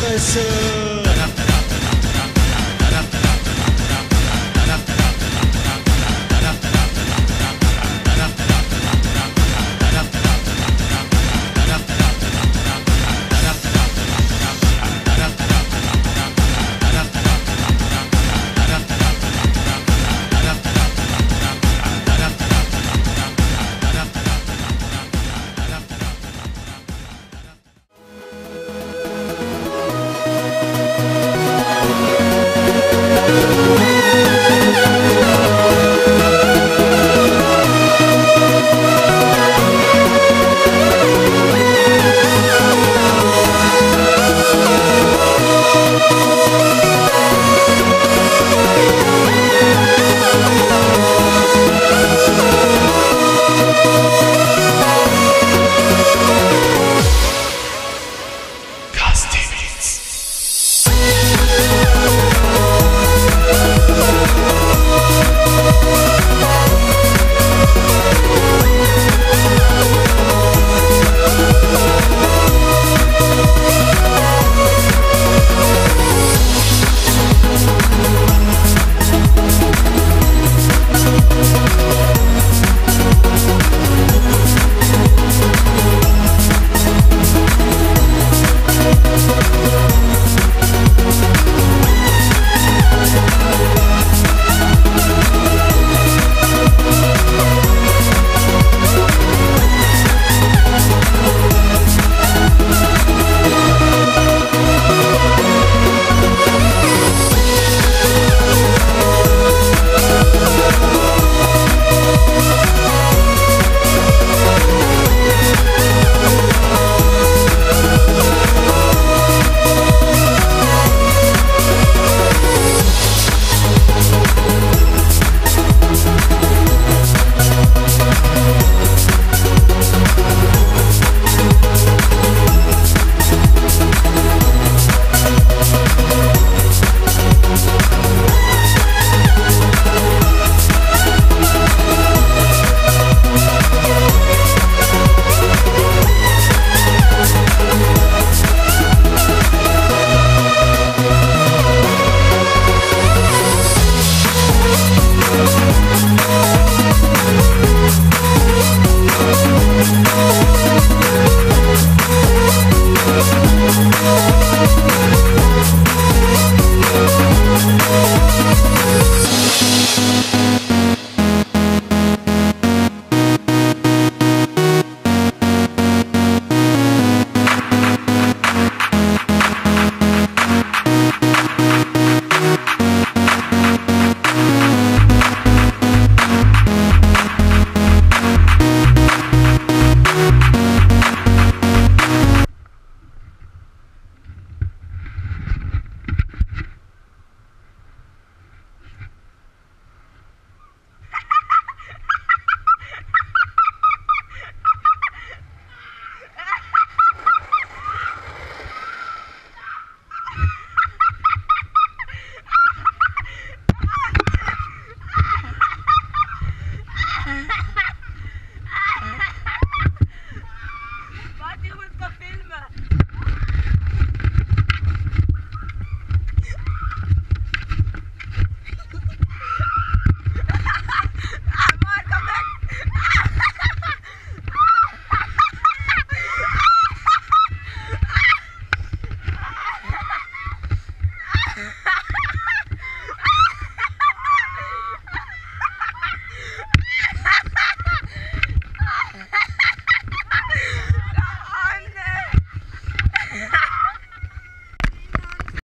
Fresse.